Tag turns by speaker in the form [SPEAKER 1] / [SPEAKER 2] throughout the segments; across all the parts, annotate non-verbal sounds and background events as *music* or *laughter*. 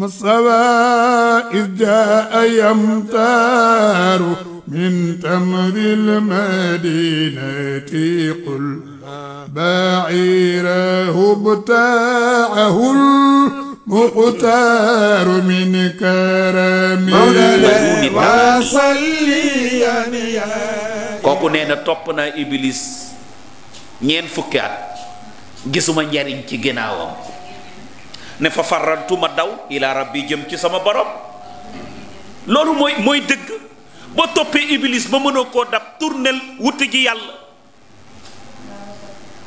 [SPEAKER 1] مصطفى إذ جاء يمطار من تمر المدينة قل بعيره بتاعه المختار من كرم وصليا kooku nee na topp naa iblis ñeent fukki at gisuma njariñ ci ginnaawam ne fa farrantu ma daw ila rabbi jëm ci sama borom loolu mooy mooy dëgg boo toppee iblis ba mënoo koo dab tournel wut ji yàlla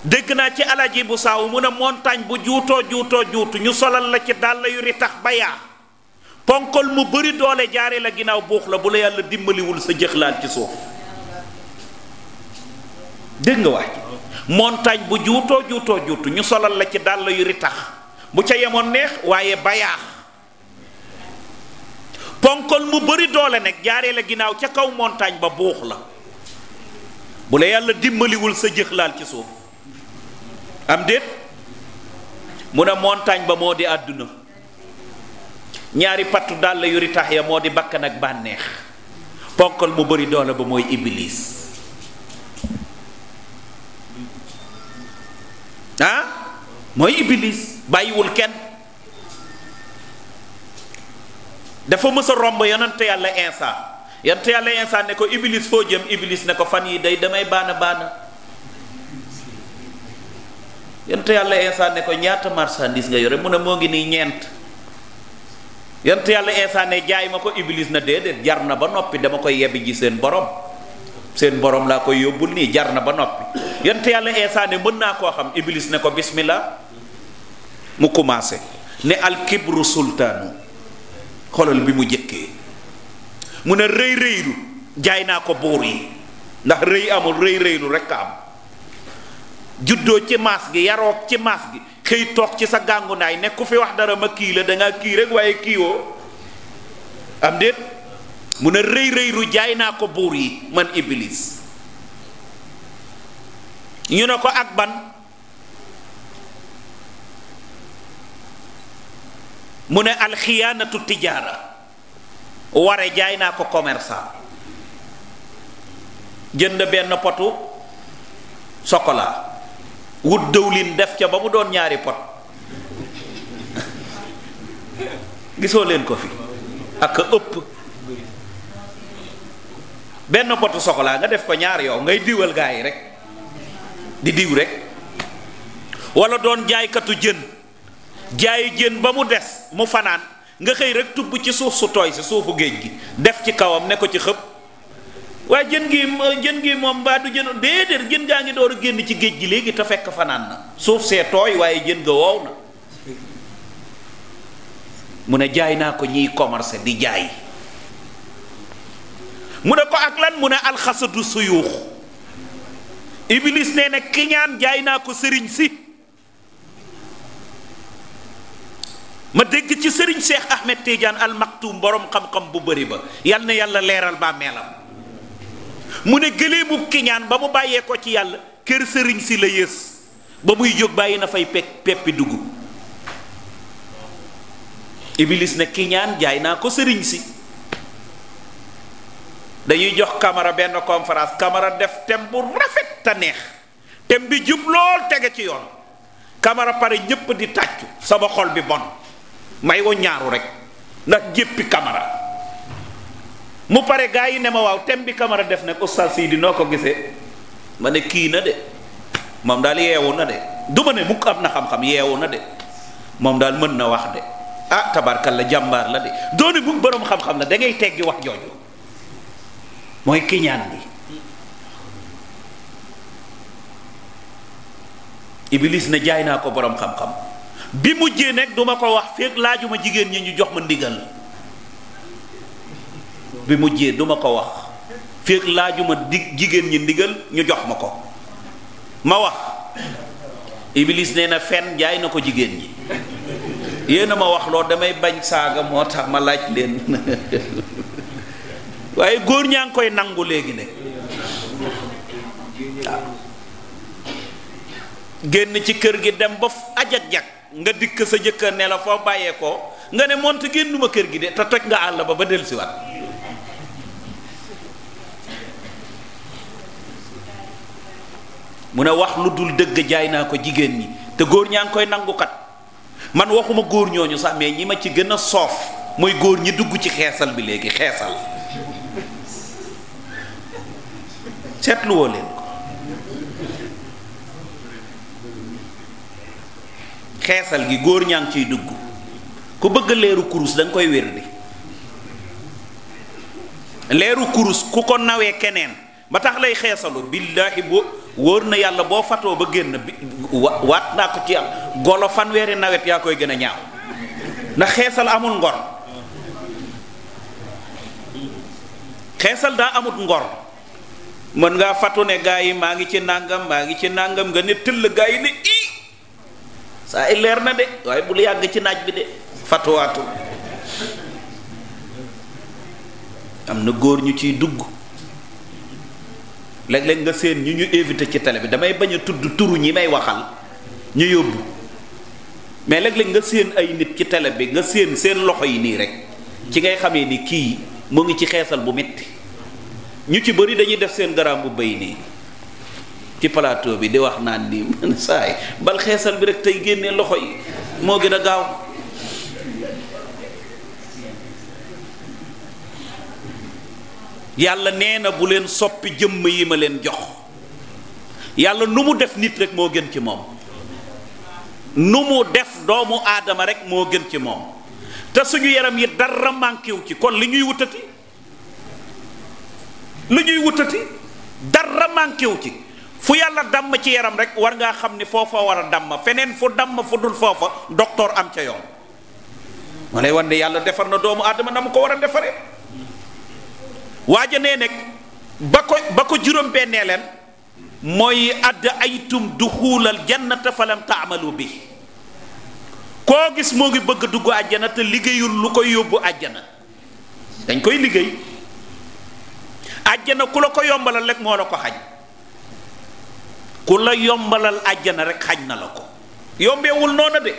[SPEAKER 1] dëgg naa ci alaji bu saaw mu ne montagne bu juutoo juutoo juutu ñu solal la ci dàll yu ri tax ba yaa ponkol mu bëri doole jaare la ginnaaw buux la bu la yàlla dimbaliwul sa jëxlaal ci suuf dégg nga wax montagne bu juutoo juutoo juutu ñu solal la ci dàll yu ri tax bu ca yemoon neex waaye bayaax ponkol mu bari doole nag jaaree la ginnaaw ca kaw montagne ba buux la bu la yàlla dimbaliwul sa jëx laal ci suuf am déet mu ne montagne ba moo di àdduna ñaari patt dàll yuri tax ya moo di bakkan ak bànneex ponkol mu bari doole ba mooy iblis ah mooy iblis bàyyiwul kenn dafa mës a romb yonent yàlla insa yonent yàlla insa ne ko iblis foo jëm iblis ne ko fan yi day damay baana baana yonent yàlla insa ko ñaata marchandise nga yore mu ne moo ngi nii ñeent yonent yàlla insa ne jaay ma ko iblis na déedéet jar na ba noppi dama koy yebbi ji seen borom seen borom laa koy yóbbul nii jar na ba noppi yonent yàlla insa ne mën naa koo xam iblis ne ko bismillah mu commencé ne alkibru sultaanu xoolal bi mu jëkkee mu ne rëy rëylu jaay naa ko buur yi ndax rëy amul rëy rëylu rekk am juddoo ci maas gi yaroog ci maas gi xëy toog ci sa gàngu naay ne ku fi wax dara ma kii la danga kii rek waaye kiiwoo am déet mu ne rëy rëylu jaay naa ko buur yi man iblis ñu ne ko ak ban mu ne alxiyaanatu tijaara ware jaay naa ko commerçant jën benn potu sokola wut dëwlin def ca ba mu doon ñaari pot *laughs* gisoo leen ko fi ak ëpp benn potu sokola nga def ko ñaar yow ngay diwal gaa yi rek di diw rek wala doon jaaykatu jën jaayu jën ba mu des mu fanaan nga xëy rek tub ci suuf su tooy si suufu géej gi def ci kawam ne ko ci xëpp waaye jën gi jën moom mbaa du jën déedéet jën gaa ngi door a génn ci géej gi léegi te fekk fanaan na suuf see tooy waaye jën nga woow na mu ne jaay naa ko ñiy commerce di jaay mu ne ko ak lan mu ne alxasadu suyuux iblis nee na kiñaan jaay naa ko sëriñ si ma dégg ci sëriñ Cheikh Ahmed Tidiane Al Maktoum borom xam-xam bu bari ba yal na yàlla leeral bàmmeelam mu ne gëleemu kiñaan ba mu bàyyee ko ci yàlla kër sëriñ si la yées ba muy jóg bàyyi na fay pe peppi dugub Iblis na kiñaan jaay naa ko sëriñ si dañuy jox kamara benn conférence kamara def tem bu rafet te neex thème bi jub lool tege ci yoon Camara pare ñëpp di tàccu sama xol bi bon. may wo ñaaru rek ndax jéppi kamara mu pare gaa yi ne ma waaw thème bi kamara def nag oustaz Sidi noo ko gisee ma ne kii na de moom daal yeewu na de du ma ne mukk am na xam-xam yeewu na de moom daal mën na wax de ah tabarkal la jàmbaar la de doone bu boroom xam-xam la da teggi wax jooju mooy kiñaan bi iblis na jaay naa ko boroom xam-xam bi mujjee nekk duma ko wax fekk laajuma jigéen ñi ñu jox ma ndigal bi mujjee duma ko wax fekk laajuma di jigéen ñi ndigal ñu jox ma ko ma wax Iblis nee na fenn jaay na ko jigéen ñi yéen a ma wax loolu damay bañ saaga moo tax ma laaj leen *laughs* waaye góor ñaa ngi koy nangu léegi ne waaw génn ci kër gi dem ba ajak jak nga dikk sa jëkkër ne la foo bàyyee ko nga ne moonte génnuma kër gi de te toj nga àll ba ba dellusiwaat mu ne wax lu dul dëgg jaay naa ko jigéen ñi te góor ñaa ngi koy nangukat man waxuma góor ñooñu sax mais ñi ma ci gën a soof mooy góor ñi dugg ci xeesal bi léegi xeesal seetluwoo woo leen xeesal gi góor ñaa ngi ciy dugg ku bëgg leeru kurus da koy wér di leeru kurus ku ko nawee keneen ba tax lay xeesalu billaahi boo wóor na yàlla boo fatoo ba génn bi waat naa ko ci am golo fanweeri nawet yaa koy gën a ñaaw ndax xeesal amul ngor xeesal daa amut ngor mën ngaa fatu ne gaa yi maa ngi ci ndàngam maa ngi ci ndàngam nga ne tëll gaa yi ne ii saa yi leer na de waaye bul yàgg ci naaj bi de fatuwaatu am na góor ñu ciy dugg léeg-léeg nga séen ñu ñu éviter ci tele bi damay bañ a tudd turu ñi may waxal ñu yóbbu mais léeg-léeg nga séen ay nit ci tele bi nga séen seen loxo yi nii rek ci ngay xamee ni kii mu ngi ci xeesal bu metti ñu ci bari dañuy def seen garam bu bay nii ci plateau bi di wax naan nii man saay bal bi rek tey génne loxo yi moo gën a gaaw yàlla nee na bu leen soppi jëmm yi ma leen jox yàlla nu mu def nit rek moo gën ci moom nu mu def doomu aadama rek moo gën ci moom te suñu yaram yi dara manqué ci kon li ñuy wutati li ñuy wutati dara manqué ci fu yàlla dàmm ci yaram rek war ngaa xam ni foofa war a damm feneen fu damm fu dul foofa docteur am ca yoon ma lay wan ne yàlla defar na doomu aadama na mu ko war a defaree waaja nee nag ba ko ba ko juróom-bennee leen mooy àdd aytum duxuulal jannata falam taamalu bi koo gis moo ngi bëgg dugg àjjana te liggéeyul lu koy yóbbu àjjana dañ koy liggéey àjjana ku la ko yombalal rek moo la ko xaj ku la yombalal àjjana rek xañ na la ko yombewul noona de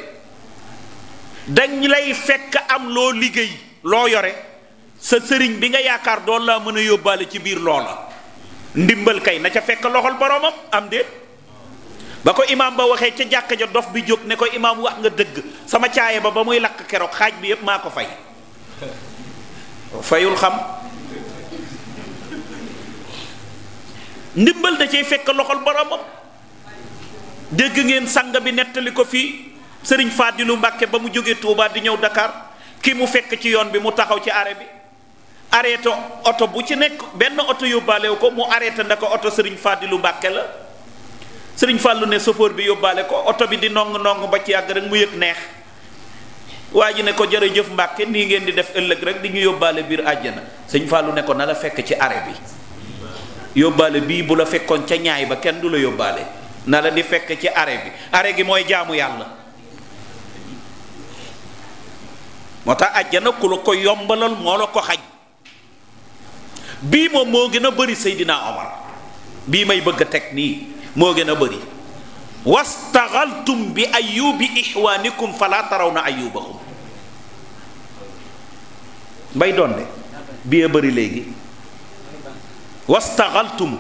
[SPEAKER 1] dañ lay fekk am loo liggéey loo yore sa sëriñ bi nga yaakaar doon laa mën a yóbbaale ci biir loola ndimbal kay na ca fekk loxol boroomam am de ba ko imaam ba waxee ca jàkka ja dof bi jóg ne ko imaam wax nga dëgg sama caaye ba ba muy lakk keroog xaaj bi yépp maa ko fay fayul xam ndimbal da cay fekk loxol boromam dégg ngeen sàng bi nettali ko fii sëriñ Fadilu Mbàkke ba mu jógee tuubaa di ñëw Dakar ki mu fekk ci yoon bi mu taxaw ci arrêt bi arrêté oto bu ci nekk benn oto yóbbaalewu ko mu arrêté na ko oto sëriñ lu Mbàkke la sëriñ Fàllu ne chauffeur bi yóbbaale ko oto bi di nong nong ba ci yàgg rek mu yëg neex waa ji ne ko jërëjëf Mbàkke nii ngeen di def ëllëg rek di ñu yóbbaale biir àjjana sëñ Fàllu ne ko na la fekk ci arrêt bi yóbbaale bii bu la fekkoon ca ñaay ba kenn du la yóbbaale na la di fekk ci are bi are gi mooy jaamu yàlla moo tax àjjana ku la ko yombalal moo la ko xaj bii moom moo gën a bari sëy dinaa Omar bii may bëgg a teg nii moo gën a bari wastaxal wastaxaltum bi ayubi ixwaanikum fala taraw na ayubahum mbay doon de bii a bëri léegi wastaxaltum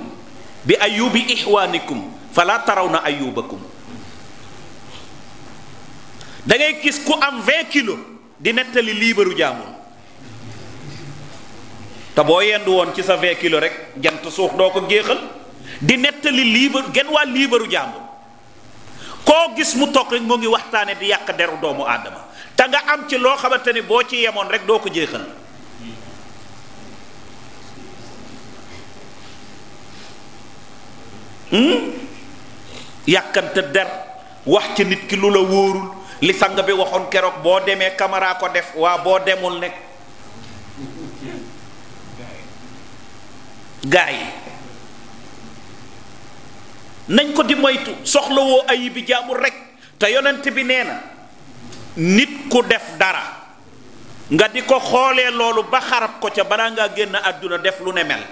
[SPEAKER 1] bi ayubi ixwaanikum fala taraw na ayubakum da ngay gis ku am 20 di nettali liibaru jaamoon te boo yendu woon ci sa 20 kilos rek jant suux doo ko géexal di nettali liibaru genn waa liibaru jaamoon koo gis mu toog rek moo ngi waxtaane di yàq deru doomu aadama te nga am ci loo xamante ni boo ci yemoon rek doo ko jéexal Hmm? yàkkante der wax ci nit ki lu la wóorul li sang bi waxoon keroog boo demee caméra ko def waa boo demul nekk gaa nañ ko di moytu soxlawoo ayi bi jaamul rek te yonent bi nee na nit ku def dara nga di ko xoolee loolu ba xarab ko ca balaa ngaa génn àdduna def lu ne mel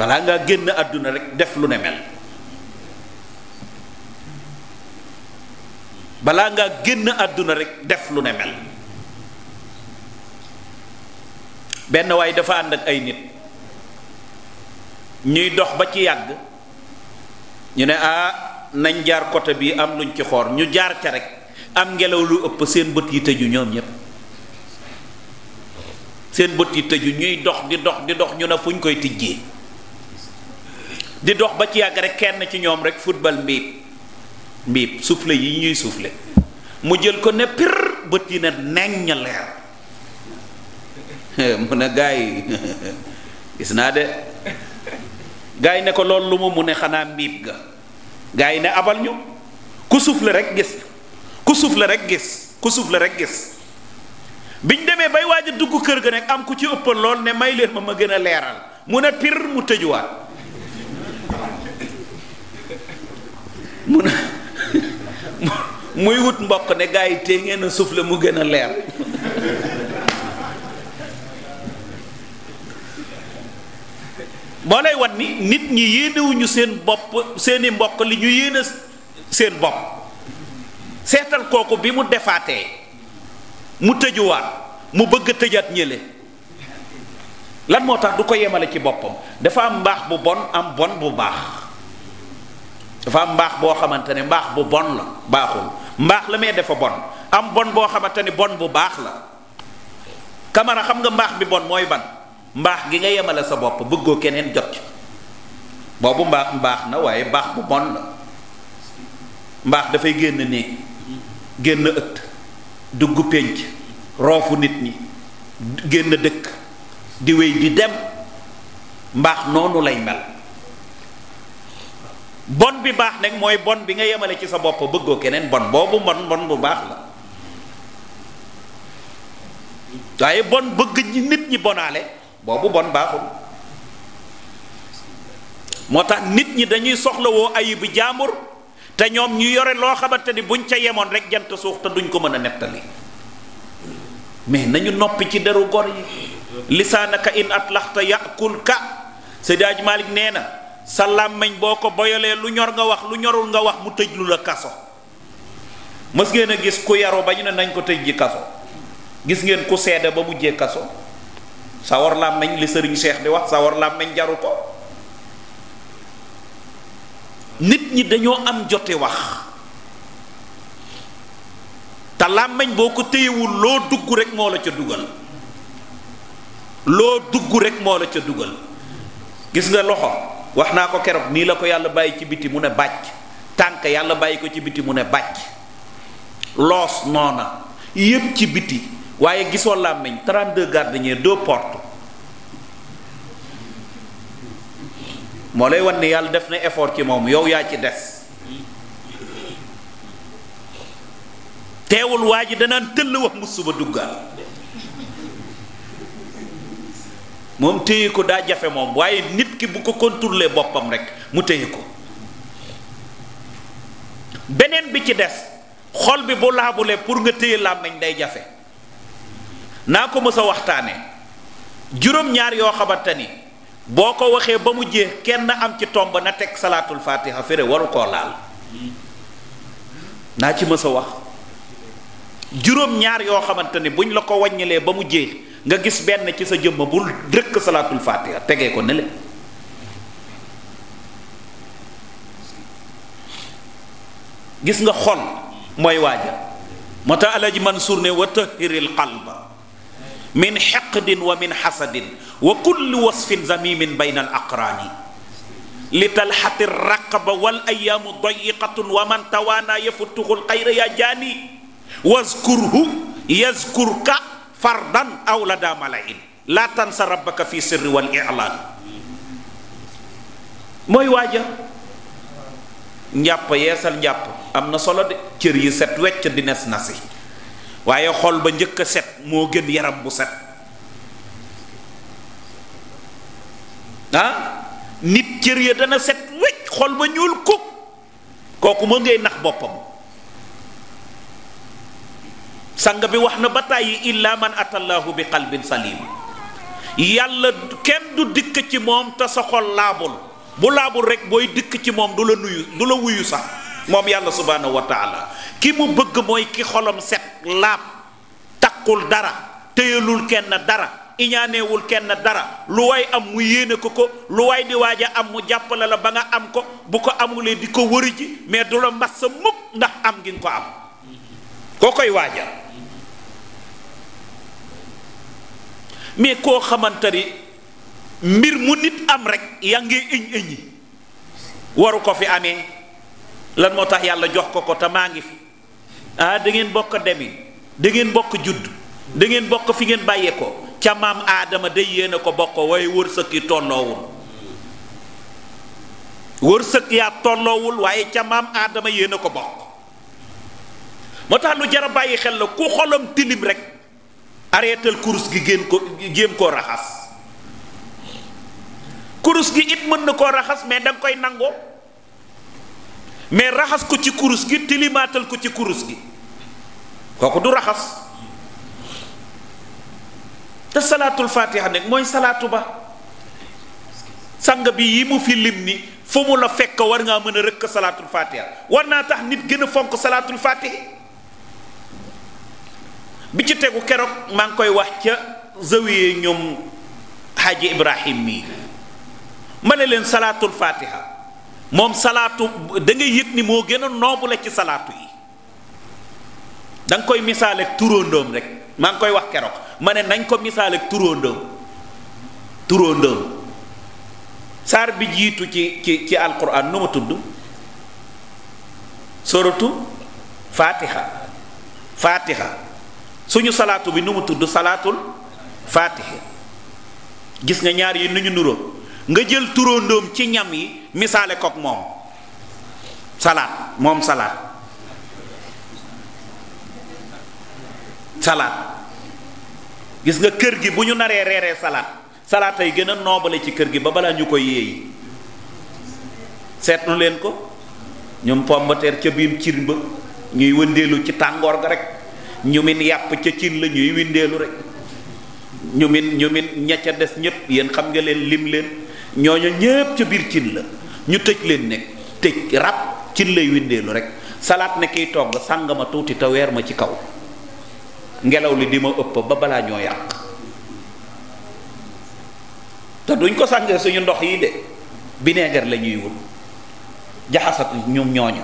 [SPEAKER 1] balaa ngaa génn àdduna rek def lu ne mel balaa ngaa génn àdduna rekk def lu ne mel benn waay dafa ànd ak ay nit ñuy dox ba ci yàgg ñu ne ah nañ jaar côté bii am luñ ci xoor ñu jaar ca rekk am ngelaw lu ëpp seen bët yi tëju ñoom ñépp seen bët yi tëju ñuy dox di dox di dox ñu ne fu ñu koy tijjee di dox ba ci yàgg rek kenn ci ñoom rek futbal mbiib mbiib soufflé yi ñuy soufflé mu jël ko ne pir bët yi ne neñ leer *laughs* mu ne gaa *laughs* gis naa de gaa yi ne ko lool lu mu mu ne xanaa mbiib ga gaa yi ne abal ñu ku soufflé rek gis ku soufflé rek gis ku soufflé rek gis biñ demee bay waaj a dugg kër ga nekk am ku ci ëppal lool ne may leen ma ma gën a leeral mu ne pir mu tëjuwaat mun *laughs* muy wut mbokk ne gaa yi tey ngeen a soufflé mu gën a leer boo lay wan ni nit ñi yéenewuñu seen bopp seeni mbokk li ñu yéene seen bopp seetal kooku bi mu defaatee mu tëjuwaat mu bëgg a tëjaat ñële lan moo tax du ko yemale ci boppam dafa am mbaax bu bon am bon bu baax dafa am mbaax boo xamante ne mbaax bu bon la baaxul mbaax la mais dafa bon am bon boo xamante ni bon bu baax la kamara xam nga mbaax bi bon mooy ban mbaax gi nga yemale sa bopp bëggoo keneen jot ci boobu mbaax mbaax na waaye baax bu bon la mbaax dafay génn néeg génn ëtt dugg pénc roofu nit ñi génn dëkk di wéy di dem mbaax noonu lay mel bon bi baax nag mooy bon bi nga yemale ci sa bopp bëggoo keneen bon boobu mbon mbon bu baax la waaye bon bëgg ñi nit ñi bonaale boobu bon baaxul moo tax nit ñi dañuy soxlawoo ayibu jaambur te ñoom ñu yore loo xamante ni buñ ca yemoon rek jant suux te duñ ko mën a nettali mais nañu noppi ci deru gor yi lisaanaka in atlaxta yakul ka Seydi Aj nee na sa làmmiñ boo ko boyalee lu ñor nga wax lu ñorul nga wax mu tëj lu la kaso mës ngeen a gis ku yaru ba ñu ne nañ ko tëj ji kaso gis ngeen ku seede ba mujjee kaso sa war làmmiñ li sëriñ Cheikh di wax sa war làmmiñ jaru ko nit ñi dañoo am joti wax te làmmiñ boo ko téyewul loo dugg rek moo la ca dugal loo dugg rek moo la ca dugal gis nga loxo wax naa ko keroog nii la ko yàlla bàyyi ci biti mu ne bàcc tànk yàlla bàyyi ko ci biti mu ne bàcc loos noona yépp ci biti waaye gisoo làmmiñ 32 gardien deux portes moo lay wan ne yàlla def na effort ci moom yow yaa ci des teewul waa ji danaan tëll wax mu suba duggaat moom téye ko daa jafe moom waaye nit ki bu ko contrôler boppam rek mu téye ko beneen bi ci des xol bi bu laabulee pour nga téye làmmiñ day jafe naa ko mës a waxtaane juróom-ñaar yoo xamante ni boo ko waxee ba mu jeex kenn am ci tomb na teg salaatul fatiha fere waru koo laal naa ci mësa wax juróom-ñaar yoo xamante ni buñ la ko wàññilee ba mu jeex nga gis benn ci sa jëmma bul rëkk salaatul faatiha tegee ko ne le gis nga xol mooy waaja moo tax alaji mansuur ne wa tahiril qalba min xeqdin wa min xasadin wa kulli wasfin zamimin bayna al aqraani li talxati raqaba wal ayaamu dayiqatun wa man tawaana yafutuhu lxayra yaa jaani waskurhu yaskurka fardan aw la daa malain laa tansa rabbaka fi sirri wal mooy waaja njàpp yeesal njàpp am na solo de cër yi set wecc di nes na si waaye xol ba njëkk a set moo gën yaram bu set ah nit cër ya dana set wecc xol ba ñuul kuk kooku moo ngay nax boppam sang bi wax na ba tàyyi illa man atallaahu bi qalbin salim yàlla kenn du dikk ci moom te sa xol laabul bu laabul rek booy dikk ci moom du la nuyu du la wuyu sax moom yàlla subhaanahu wa taala ki mu bëgg mooy ki xolom set laab takkul dara téyelul kenn dara iñaaneewul kenn dara lu waay am mu yéene ko ko lu waay di waaja am mu jàppale la ba nga am ko bu ko amulee di ko wëri ji mais du la mas sa mukk ndax am ngi nga ko am koo koy waaja mais koo xamante ni mbir mu nit am rek yaa ngi ëñ ëñi waru ko fi amee lan moo tax yàlla jox ko ko te maa ngi fi ah da ngeen bokk demi da ngeen bokk judd dangeen bokk fi ngeen bàyyee ko ca maam aadama day yéen ko bokk waaye wërsëk yi tolloowul wërsëg yaa tolloowul waaye ca maam aadama yéen ko bokk moo tax lu jar a bàyyi xel la ku xolam tilim rek arrêtal kurus gi génn ko jéem koo raxas kurus gi it mën na koo raxas mais danga koy nangoo mais raxas ko ci kurus gi tilimaatal ko ci kurus gi kooku du raxas te salaatul faatiha nag mooy salaatu ba sang bi yi mu fi lim ni fu mu la fekk war ngaa mën a rëkk salaatul faatiha war naa tax nit gën a fonk salaatul faatiha bi ci tegu keroog maa ngi koy wax ca zawiye ñoom xaaji ibrahim mii ma ne leen salaatul fatiha moom salaatu da yëg ni moo gën noobu la ci salaatu yi da koy misaal ak turóondoom rek maa ngi koy wax keroog ma ne nañ ko misaal ak turóondoom turóondoom saar bi jiitu ci ci ci alquran nu ma tudd soratu fatiha fatiha suñu salaatu bi nu mu tudd salaatul faatihi gis nga ñaar yi nu ñu nuroo nga jël turondoom ci ñam yi misaale kook moom salaat moom salaat salaat gis nga kër gi bu ñu naree reere salaat salaat ay gën a noobale ci kër gi ba balaa ñu koy yéeyi seetlu leen ko ñoom pombateer ca biir cir ba ñuy wëndeelu ci tàngoor ga rekk ñu min yàpp ca cin la ñuy windeelu rek ñu min ña ca des ñëpp yéen xam nga leen lim leen ñooñu ñëpp ca biir cin la ñu tëj leen nekk tëj rab cin lay windeelu rekk salaat na kiy togg sàng ma tuuti te weer ma ci kaw ngelaw li di ma ëpp ba balaa ñoo yàq te duñ ko sàngee suñu ndox yi de bineegar la ñuy wut jaxasat ñum ñooñu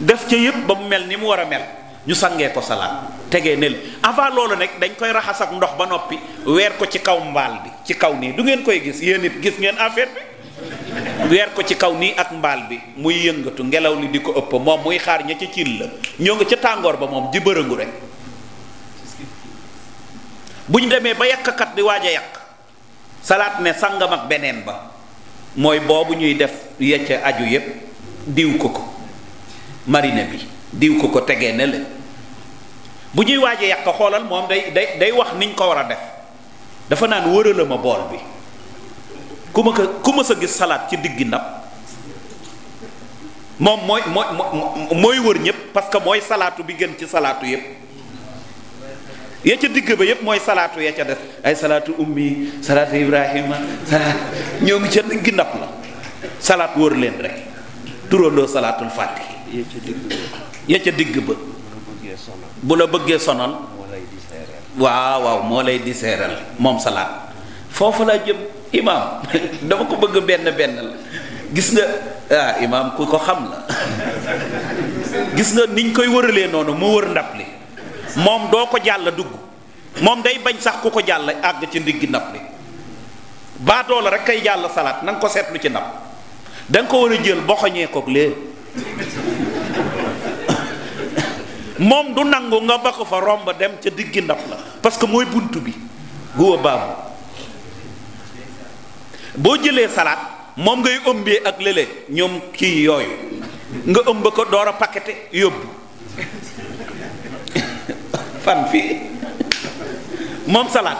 [SPEAKER 1] def ca yëpp ba mu mel ni mu war a mel ñu sangee ko salaat tegee ne avant loolu nag dañ koy raxas ak ndox ba noppi weer ko ci kaw mbaal bi ci kaw nii du ngeen koy gis yéen it gis ngeen affaire bi weer ko ci kaw nii ak mbaal bi muy yëngatu ngelaw li di ko ëpp moom muy xaar ña ca cil la ñoo nga ca tàngoor ba moom di bërëngu rek bu ñu demee ba yàqkat di waaj a yàq salaat ne sangam ak beneen ba mooy boobu ñuy def yecca aju yépp diw ko ko marine bi diw ko ko tegee ne la bu ñuy waajee yàq xoolal moom day day day wax niñ ko war a def dafa naan wërala ma bool bi ku ma ko ku ma sa gis salaat ci diggi ndab moom mooy mooy wër ñépp parce que mooy salaatu bi gën ci salaatu yépp ya ca digg ba yépp mooy salaatu ya ca def ay salaatu ummi salaatu ibrahima salaat ñoo ngi ca diggi ndab la salaat wër leen rek turaloo salaatul fàtte ya ca digg ba bu la bëggee sonal waaw waaw moo lay di moom salaat foofu laa jëm imaam *laughs* dama ko bëgg benn benn la gis nga ah imaam ku ko xam na *laughs* gis nga niñ koy wëralee noonu mu wër ndab li moom doo ko jàll dugg moom day bañ sax ku ko jàll àgg ci ndiggi ndab li baatoo la rek kay jàll salaat na ko seetlu ci ndab da ko war a jël boxoñee koog lee moom du nangu nga ba ko fa romb dem ca diggi ndab la parce que mooy bunt bi guwa baabu boo jëlee salaat moom ngay ëmbee ak lële ñoom kii yooyu nga ëmb ko door a paqueté yóbbu *laughs* fan fii moom salaat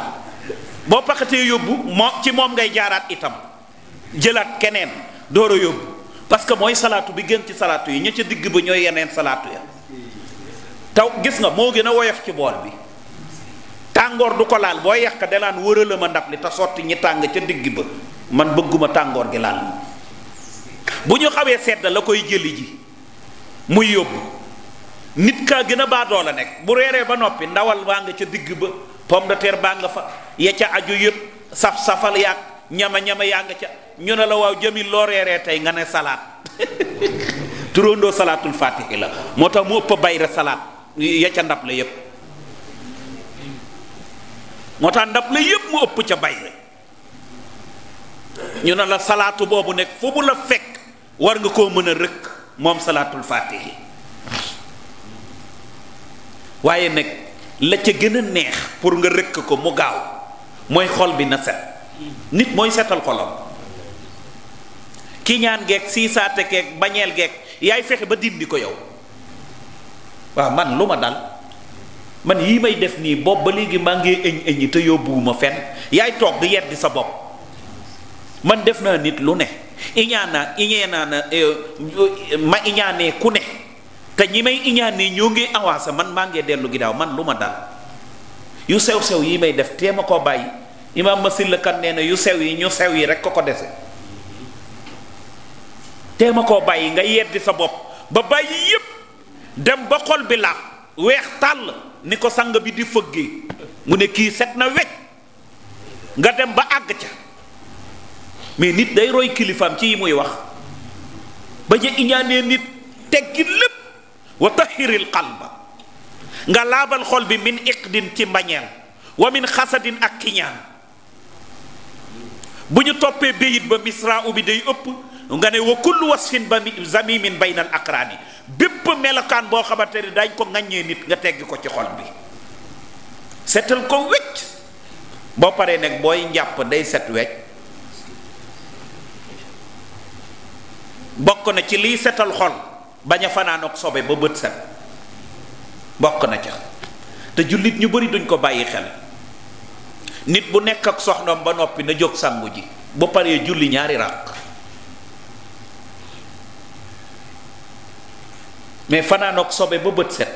[SPEAKER 1] boo paquetee yóbbu moo ci moom ngay jaaraat itam jëlaat keneen door a yóbbu parce que mooy salaatu bi gën ci salaatu yi ña ca digg ba ñooy yeneen salaatu ya taw gis nga moo gën a woyof ci bool bi tàngoor du ko laal boo yàq delaan wërala ma ndab li te sotti ñi tàng ca digg ba man bëgguma tàngoor gi laal ma bu ñu xawee sedd la koy jëli ji muy yóbbu nit kaa gën a baadoo la nekk bu reeree ba noppi ndawal baa nga ca digg ba pomme de baa nga fa ya ca aju yëpp saf-safal yaag ñama-ñama yaa nga ca ñu ne la waaw jëmil loo reeree tey nga ne salaat *laughs* turandoo salaatul fatihi la moo tax mu ëpp bayra salaat ya ca ndab la yépp moo tax ndab la yépp mu ëpp ca bay ñu ne la salaatu boobu nekk fu mu la fekk war nga koo mën a rëkk moom salaatul faatihi waaye nag la ca gën a neex pour nga rëkk ko mu gaaw mooy xol bi na set nit mooy setal xolam kiñaan geek siisaate geeg bañeel geeg yaay fexe ba dindi ko yow waaw man lu ma dal man yii may def nii bopp ba léegi maa ngi ëñ ëññi te yóbbuwuma fenn yaay toog di yeddi sa bopp man def naa nit lu ne iñaana iñaanaa na eh, ma iñaanee ku ne te ñi may iñaanee ñoo ngi avancé man maa ngi dellu ginnaaw man lu ma dal yu sew sew yii may def téema koo bàyyi imaam ma kan nee na yu sew yi ñu sew yi rek ko ko dese téema koo bàyyi nga yeddi sa bopp ba bàyyi yépp dem ba xol bi laab weex tàll ni ko sang bi di fëggee mu ne kii set na wecc nga dem ba àgg ca mais nit day roy kilifaam ci yi muy wax ba ñu iñaanee nit teggi lépp wa tahiril qalba nga laabal xol bi min iqdin ci mbañeel wa min xasadin ak kiñaan bu ñu toppee béyit ba misra u bi day ëpp nga ne wa kullu wasfin ba zamimin baynal aqraani bépp melokaan boo xamante ne dañ ko ŋaññee nit nga tegg ko ci xol bi setal ko wecc boo paree nag booy njàpp day set wecc bokk na ci liy setal xol bañ a fanaan ak sobe ba bët set bokk na ca te jullit ñu bari duñ ko bàyyi xel nit bu nekk ak soxnaam ba noppi na jóg sangu ji bu paree julli ñaari ràkk mais fanaanook sobe ba bët set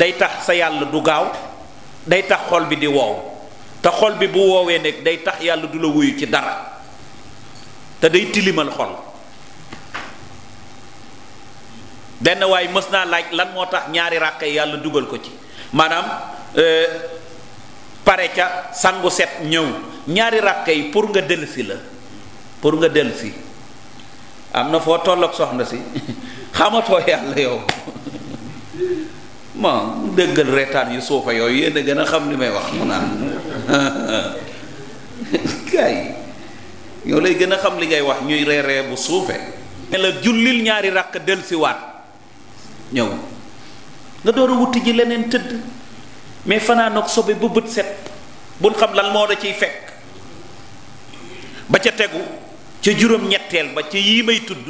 [SPEAKER 1] day tax sa yàlla du gaaw day tax xol bi di woow te xol bi bu woowee nekk day tax yàlla du la wuyu ci dara te day tilimal xol benn waay mës naa laaj lan moo tax ñaari ràkka yàlla dugal ko ci maanaam euh, pare ca sangu set ñëw ñaari ràkka yi pour nga dellusi la pour nga dellusi am na foo tollook soxna si xamatoo yàlla yow bon dëggal reetaan yu suufa yooyu yéen a gën a xam li may wax mu naan *laughs* kay yow lay gën a xam li ngay wax ñuy reeree bu suufe ne la jullil ñaari ràkk del si waat ñëw nga door a wuti ji leneen tëdd mais fanaan sobe bu bët set buñ xam lan moo da ciy fekk ba ca tegu ca juróom-ñetteel ba ca yii may tudd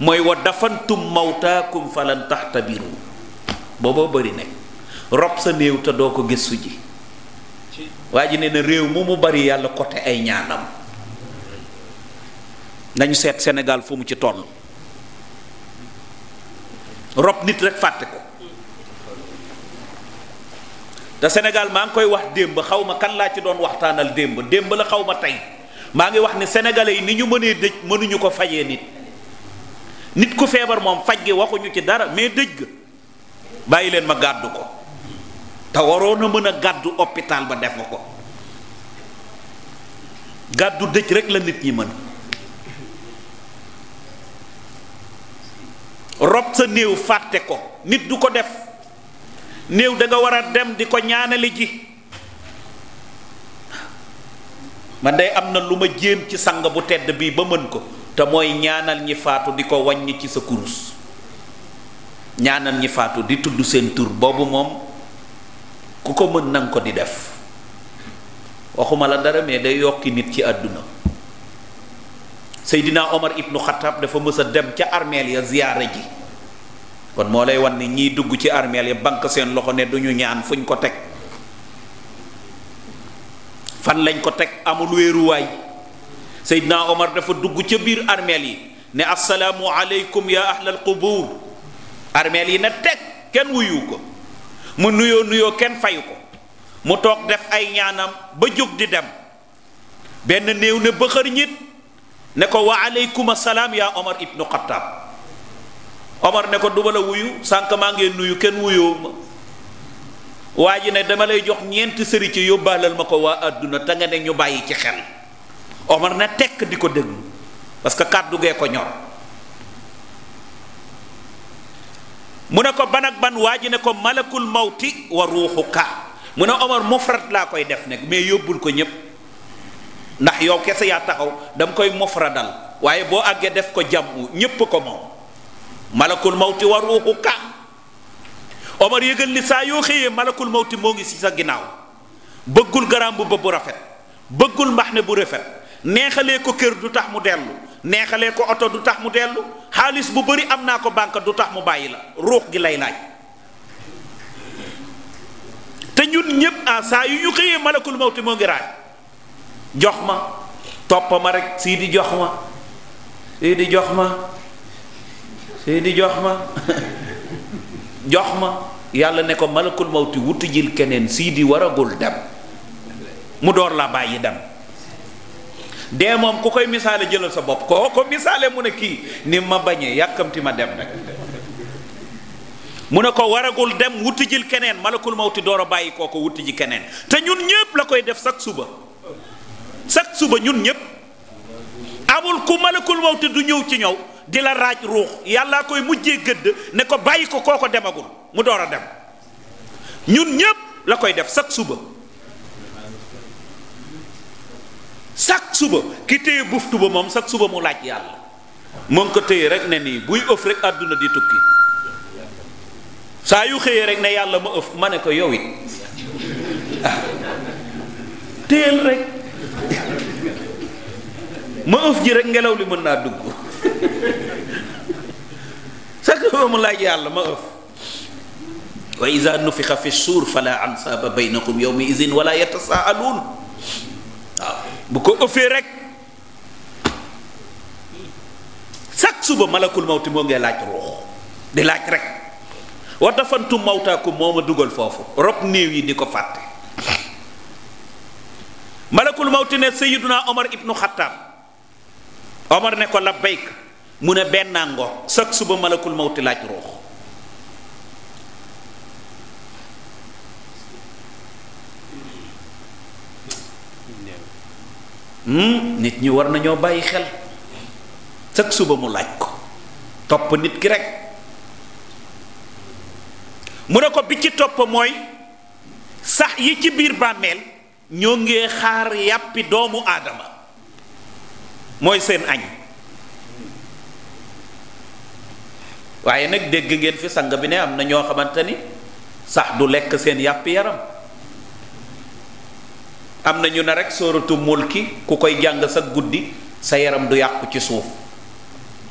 [SPEAKER 1] mooy wa dafantum mawtaakum falan taxtabiru booboo bëri nekk rob sa néew te doo ko gëstu ji waa ji nee na réew mu mu bari yàlla côté ay ñaanam nañu seet Sénégal fu mu ci toll rob nit rek fàtte ko te Sénégal maa ngi koy wax démb xaw ma kan laa ci doon waxtaanal démb démb la xaw ma tey maa ngi wax ne sénégalais yi ni ñu mënee dëj mënuñu ko faje nit nit ku feebar moom faj gi waxuñu ci dara mais dëj ga bàyyi leen ma gàddu ko te waroon a mën a gàddu hôpital ba def nga ko gàddu dëj rek la nit ñi mën rob sa néew fàtte ko nit du ko def néew danga war a dem di ko ñaanali ji man day am na lu ma jéem ci sang bu tedd bii ba mën ko te mooy ñaanal ñi faatu di ko wàññi ci sa kurus ñaanal ñi faatu di tudd seen tur boobu moom ku ko mën nanga ko di def waxuma la dara mais day yokki nit ci àdduna dina Omar ibnu Xattaab dafa mës a dem ca armeel ya ziyaara ji kon moo lay wan ni ñiy dugg ci armeel ya banque seen loxo ne duñu ñaan fuñ ko teg fan lañ ko teg amul wéeruwaay Seydina Omar dafa dugg ca biir armeel yi ne assalaamu aleykum ya ahlal qubuur armeel yi na teg kenn wuyu ko mu nuyoo nuyoo kenn fayu ko mu toog def ay ñaanam ba jóg di dem benn néew ne ba ne ko wa aleykum ya Omar ibnu Xattaab Omar ne ko duma la wuyu sànq maa ngeen nuyu kenn wuyoo waa ji ne dama lay jox ñeenti sëri ci yóbbaalal ma ko waa àdduna te nga ne ñu bàyyi ci xel Omar na tekk di ko déglu parce que kàddu gee ko ñor mu ne ko ban ak ban waa ji ne ko malakul mawti wa ruuxu ka mu ne Omar mufrat laa koy def nekk mais yóbbul ko ñépp ndax yow kese yaa taxaw dama koy mufradal waaye boo àggee def ko jàmm ñépp ko moom malakul mawti wa ruuxu ka Omar yëgal ni saa yoo xëyee malakul mawti moo ngi ci sa ginnaaw bëggul garaam bu bu rafet bëggul mbax ne bu rafet neexalee ko kër du tax mu dellu neexalee ko oto du tax mu dellu xaalis bu bari am naa ko bànk du tax mu bàyyi la ruux gi lay laaj te ñun ñépp ah saa yu ñu xëyee malakul mawti moo ngi raaj jox ma topp ma rek sii di jox sii di jox ma sii di jox ma *laughs* jox ma yàlla ne ko malakul mawti wutu jil keneen sii di waragul dem mu door la bàyyi dem dee moom ku koy misaale jëlal sa bopp koo ko misaale mu ne kii ni ma bañee yàkkamti ma dem nag mu ne ko waragul dem wutu jil keneen malakul mawti door a bàyyi koo ko wutu ji keneen te ñun ñépp la koy def chaque suba chaque suba ñun ñépp amul ku malakul mawti du ñëw ci ñëw di la raaj ruux yàllaa koy mujjee gëdd ne ko bàyyi ko kooko demagul mu door a dem ñun ñépp la koy def chaque suba chaque suba ki téye buftu tuba moom chaque suba mu laaj yàlla moo ko téye rek ne nii buy ëf rek àdduna di tukki saa yu xëyee rek ne yàlla ma ëf ma ne ko yow it ah. téyel rek ma ëf ji rek ngelaw li mën naa dugg chaque fois mu laaj yàlla ma ëf wa ida nufixa fi suur fala ansaaba baynahum yowma idin wala yatasaaluun waaw bu ko ëffee rek chaque suba malakul mawti moo ngay laaj ruux di laaj rek wa dafantu mawtaakum moo ma dugal foofu rob néew yi di ko fàtte malakul mawti ne sayiduna omar ibnu xataab omar ne ko labbayk mu ne benn ngoog sag suba malakul mawti laaj ruux hmm? nit ñi war nañoo bàyyi xel sag suba mu laaj ko topp nit ki rekk mu ne ko bi ci topp mooy sax yi ci biir bàmmeel ñoo ngi xaar yàppi doomu aadama mooy seen añ waaye nag dégg ngeen fi sang bi ne am na ñoo xamante ni sax du lekk seen yàpp yaram am na ñu ne rek sóoratu mulki ku koy jàng sa guddi sa yaram du yàqu ci suuf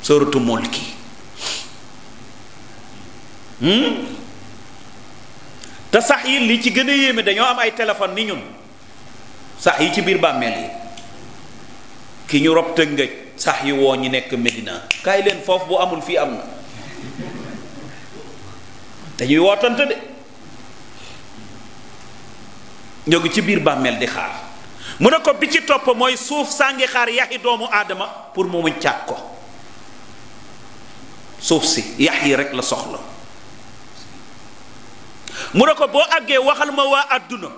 [SPEAKER 1] sóoratu mulki hmm? te sax yi li ci gën a yéeme dañoo am ay téléphone ni ñun sax yi ci biir bàmmeel yi ki ñu rob tëngëj sax yi woo ñi nekk Medina kay leen foofu bu amul fii am na dañuy wootante de ñoo ci biir bàmmeel di xaar mu ne ko bi ci topp mooy suuf saa ngi xaar yaxi doomu aadama pour mu muccaat ko suuf si yax yi rekk la soxla mu ne ko boo àggee waxal ma waa àdduna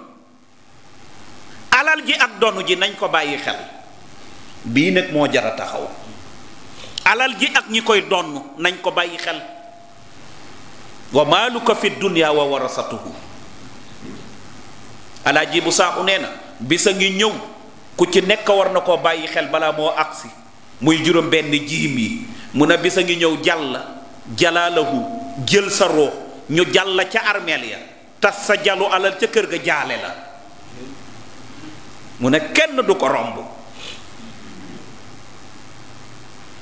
[SPEAKER 1] alal gi ak donu ji nañ ko bàyyi xel bii nag moo jar a taxaw alal ji ak ñi koy donn nañ ko bàyyi xel wa maaluka fi dunya wa warasatuhu alaaji bu saaxu nee na bis a ngi ñëw ku ci nekk war na koo bàyyi xel balaa moo agsi muy juróom benn jiim yi mu ne bis a ngi ñëw jàll jalaalahu jël sa ruux ñu jàll ca armeel ya tas sa jalu alal ca kër ga jaale la mu ne kenn du ko romb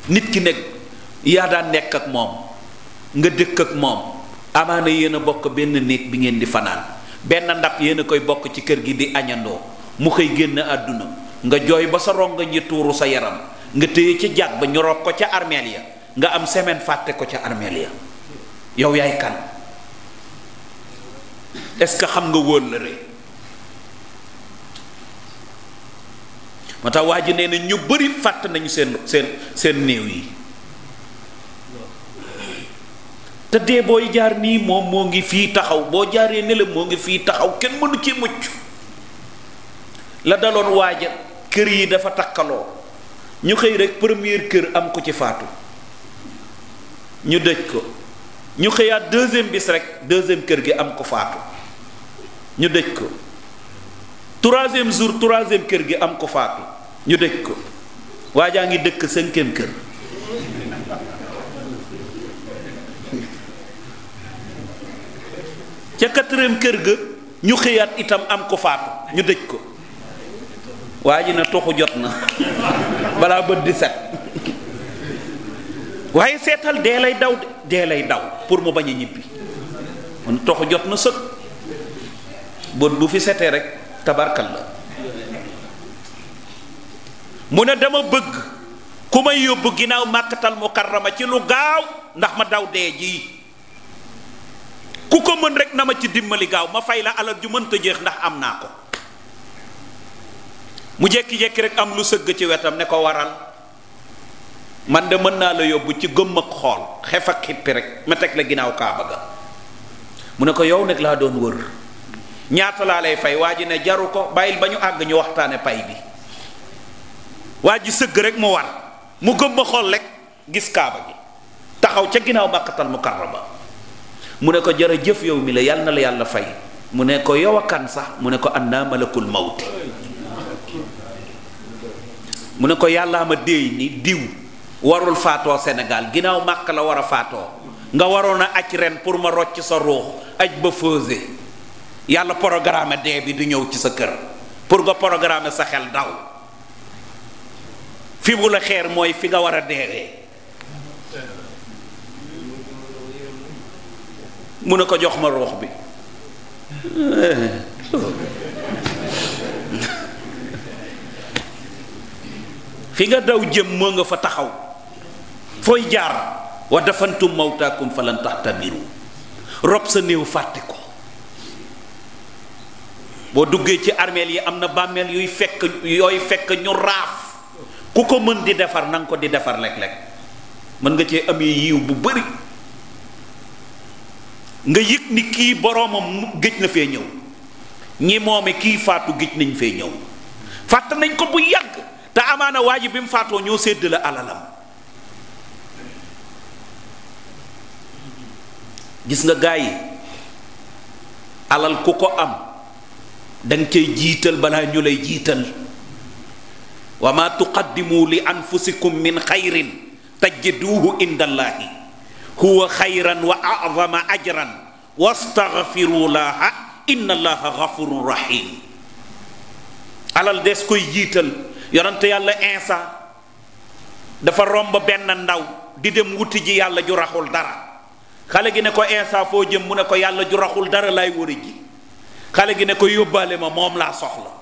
[SPEAKER 1] nit ki nekk yaa daan nekk ak moom nga dëkk ak moom amaana yéen a bokk benn néeg bi ngeen di fanaan benn ndab yéen koy bokk ci kër gi di añandoo mu xëy génn àdduna nga jooy ba sa ronga ñi tuuru sa yaram nga téye ci jaat ba ñu ko ca armeel ya nga am semaine fàtte ko ca armeel ya yow yaay kan est-ce que xam nga wóor la rek moo tax waa ji nee na ñu bari fàtt nañu seen seen seen néew yi te dee booy jaar nii moom moo ngi fii taxaw boo jaaree ne moo ngi fii taxaw kenn mënu ci mucc la daloon waaja kër yi dafa takkaloo ñu xëy rek première kër am ko ci faatu ñu dëj ko ñu xëyaat deuxième bis rek deuxième kër gi am ko faatu ñu dëj ko troisième jour troisième kër gi am ko faatu ñu dëj ko waa jaa ngi dëkk cinquième kër ca quatrième kër ga ñu xëyaat itam am ko faatu ñu dëj ko waa ji na toxu jot na balaa bët di set waaye seetal dee lay daw dee lay daw pour mu bañ a ñibbi mun toxu jot na sët bët bu fi setee rek tabarkal la mu ne dama bëgg ku may yóbbu ginnaaw màkkatal mukarrama ci lu gaaw ndax ma daw dee jii ku ko mën rek na ma ci dimbali gaaw ma fay la alal ju mënta jeex ndax am naa ko mu jékki-jékki rek am lu sëgg ci wetam ne ko waral man de mën naa la yóbbu ci gëmm ak xool xef ak xippi rek ma teg la ginnaaw kaaba ga mu ne ko yow nag laa doon wër ñaata laa lay fay waa ji ne jaru ko bàyyil ba ñu àgg ñu waxtaane pay bi waa ji sëgg rek mu war mu gëm ba rekk gis kaaba gi taxaw ca ginnaaw bàkkatal mukarrama mu ne ko jara jëf yow mi la yàlla na la yàlla fay mu ne ko yow akan sax mu ne ko annaa malakul mawti mu ne ko yàllaa ma déey ni diw warul faatoo senegal ginnaaw màkk la war a faatoo nga waroon a aj ren pour ma rocc sa ruux aj ba fëse yàlla programme dee bi du ñëw ci sa kër pour nga programme sa xel daw fi bu la xeer mooy fi nga war a deewee mu ne ko jox ma ruux bi fi nga daw jëm moo nga fa taxaw fooy jaar wa dafantum mawtaakum falan taxtadiru rob sa néew fàtte ko boo duggee ci armeel yi am na bàmmeel yuy fekk yooy fekk ñu raaf ku ko mën di defar na ko di defar lekk-lekk mën nga cee amee yiw bu bari nga yëg ni kii boroomam géej na fee ñëw ñi moome kii faatu géej nañ fee ñëw fàtt nañ ko bu yàgg te amaana waa ji bi mu faatoo ñoo sédd la alalam gis nga gaa yi alal ku ko am danga cay jiital balaa ñu lay jiital wa ma tuqaddimu li anfusikum min xayrin tajiduhu inda huwa xayran wa a'zama ajran wastaghfirullaha inna allaha ghafurun rahim alal des koy jiital yonante yàlla insa dafa romb benn ndaw di dem wuti ji yàlla ju dara xale gi ne ko insa foo jëm mu ne ko yàlla juraxul dara lay wër xale gi ne ko yóbbaale ma moom laa soxla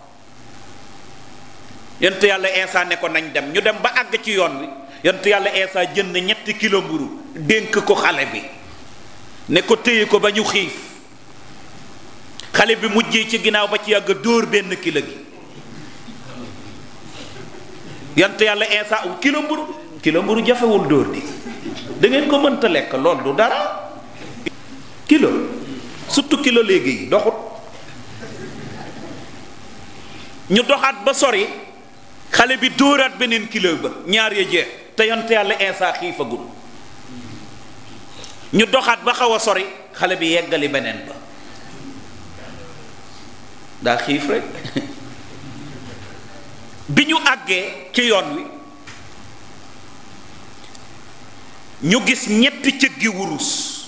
[SPEAKER 1] yonent yàlla Insa ne ko nañ dem ñu dem ba àgg ci yoon wi yonent yàlla Insa jënd ñetti kilo mburu dénk ko xale bi ne ko téye ko ba ñu xiif xale bi mujjee ci ginnaaw ba ci yàgg dóor benn kilo gi yonent yàlla Insa kilo mburu kilo mburu jafewul dóor di da ngeen ko mënta lekk lool du dara kilo surtout kilo léegi yi doxut ñu doxaat ba sori xale bi dóoraat beneen kilo ba ñaar ya jeex te yàlla insa xiifagul ñu doxaat ba xaw a sori xale bi yeggali beneen ba daa xiif rek *laughs* bi ñu àggee ci yoon wi ñu gis ñetti cëggi wurus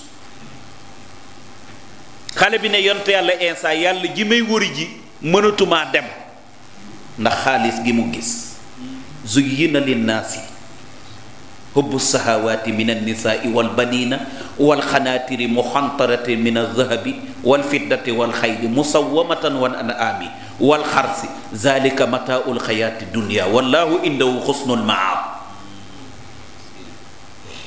[SPEAKER 1] xale bi ne yonte yàlla insa yàlla ji may wëri ji mënatumaa dem ndax xaalis gi mu gis zuyyina linnaasi hubbu sahawaati min annisaai walbanina walxanaatiri muxantarati min aldahabi walfiddati walxayli musawamatan wal an'aami walxarsi zalika mataau lxayaati dunia wallahu indahu xusnul maab